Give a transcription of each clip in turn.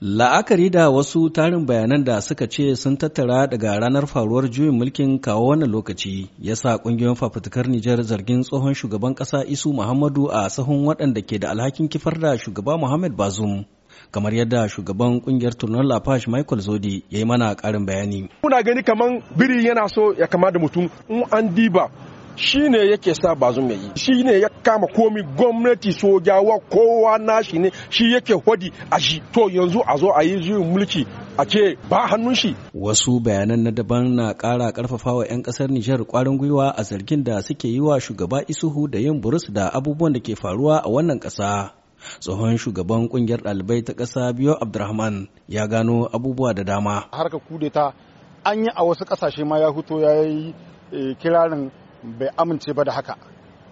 La'akari da wasu tarin bayanan da suka ce sun tattara daga ranar faruwar juyin mulkin kawo wannan lokaci ya sa ƙungiyoyin fafutukar Nijar zargin tsohon shugaban ƙasa Isu Muhammadu a sahun waɗanda ke da alhakin kifar da shugaba Muhammad Bazum. kamar yadda shugaban kungiyar turnar lafash michael zodi ya yi mana karin bayani muna gani kaman biri yana so ya kama da mutum in an diba shi ne yake sa bazum ya yi shi ne ya kama komi gwamnati sojawa kowa nashi ne shi yake hodi a shi to yanzu a zo a yi juyin mulki a ce ba hannun shi. Wasu bayanan na daban na kara ƙarfafawa wa 'yan ƙasar Nijar kwarin gwiwa a zargin da suke yi wa shugaba Isuhu da yin burus da abubuwan da ke faruwa a wannan ƙasa. Tsohon shugaban ƙungiyar ɗalibai ta ƙasa biyo Abdurrahman ya gano abubuwa da dama. Harka kudeta an yi a wasu ƙasashe ma ya huto ya yi eh, kirarin bai amince ba da haka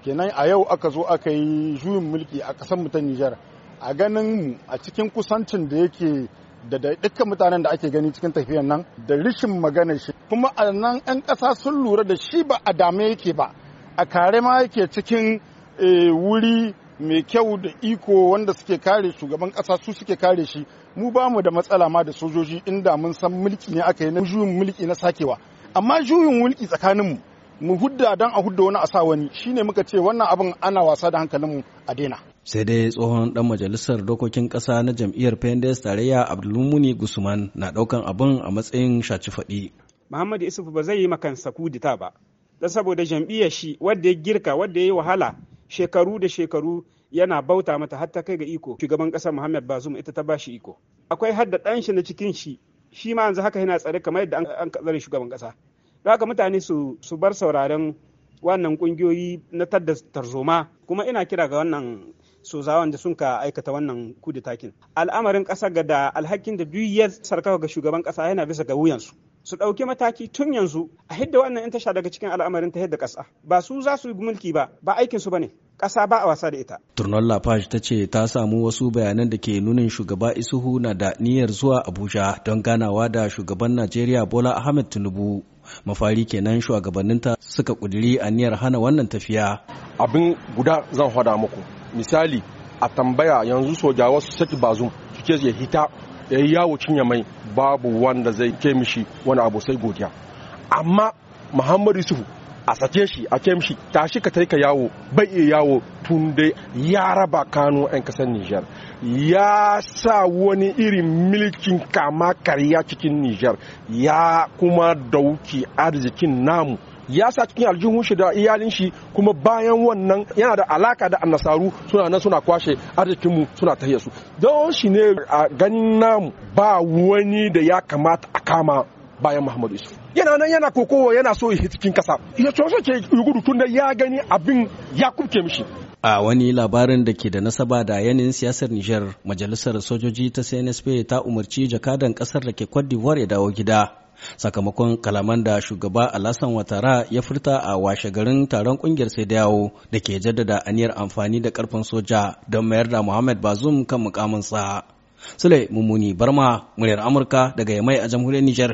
kenan a yau aka zo aka yi juyin mulki a ƙasar mu Nijar a ganin mu a cikin kusancin da yake da dukkan mutanen da ake gani cikin tafiyar nan da rishin magana shi kuma a nan 'yan ƙasa sun lura da shi ba a dame yake ba a kare ma yake cikin eh, wuri mai kyau da iko wanda suke kare shugaban ƙasa su suke kare shi mu ba mu da matsala ma da sojoji inda mun san mulki ne aka yi na juyin mulki na sakewa amma juyin mulki tsakaninmu mu hudda dan a hudda wani a sa wani shine muka ce wannan abin ana wasa da hankalinmu a daina sai dai tsohon dan majalisar dokokin kasa na jam'iyyar pendes tarayya abdulmuni gusman na daukan abin a matsayin shaci faɗi muhammadu isufu ba zai yi makansa kudita ba dan saboda jam'iyyar shi wadda ya girka wadda ya yi wahala shekaru da shekaru yana bauta mata har kai ga iko shugaban kasa muhammad bazum ita ta bashi iko akwai hadda ɗan shi na cikin shi shi ma yanzu haka yana tsare kamar yadda an kazare shugaban kasa don haka mutane su bar sauraren wannan kungiyoyi na tadda tarzoma kuma ina kira ga wannan sozawan da sun ka aikata wannan kudi takin al'amarin ƙasa ga da alhakin da duk ya sarkawa ga shugaban ƙasa yana bisa ga wuyansu su ɗauki mataki tun yanzu a hidda wannan intasha tasha daga cikin al'amarin ta hidda ƙasa ba su za su yi mulki ba ba aikinsu ba ne ƙasa ba a wasa da ita. Turnon Lafash ta ce ta samu wasu bayanan da ke nunin shugaba Isuhu na da niyyar zuwa Abuja don ganawa da shugaban Najeriya Bola Ahmed Tinubu. Mafari kenan shugabanninta suka ƙudiri niyyar hana wannan tafiya. Abin guda zan hada muku. Misali a tambaya yanzu sojawa wasu, saki bazum suke ya hita ya yi yawo cinye mai babu wanda zai ke mishi wani abu sai godiya. Amma Muhammadu Isuhu a sake shi a kem shi tashi ka taika yawo bai iya yawo tun dai ya raba kano 'yan kasar Nijar ya sa wani irin milkin kama karya cikin Nijar ya kuma dauki arzikin namu ya sa cikin aljihun shi da iyalin shi kuma bayan wannan yana da alaka da annasaru suna nan suna kwashe arzikinmu suna tahiyar su don shi ne a ganin namu ba wani da ya kamata a kama bayan Muhammadu Isu. Yana nan yana kokowa yana so ya cikin kasa. Ya coce ke gudu tun da ya gani abin ya kuke mishi. A wani labarin da ke da nasaba da yanin siyasar Nijar, majalisar sojoji ta CNSP ta umarci jakadan kasar da ke Cote d'Ivoire ya dawo gida. Sakamakon kalaman da shugaba Alhassan Watara ya furta a washe garin taron kungiyar sai dawo da ke jaddada aniyar amfani da karfin soja don mayar da Muhammad Bazoum kan mukaminsa. Sule Mummuni Barma, muryar Amurka daga Yamai a jamhuriyar Nijar.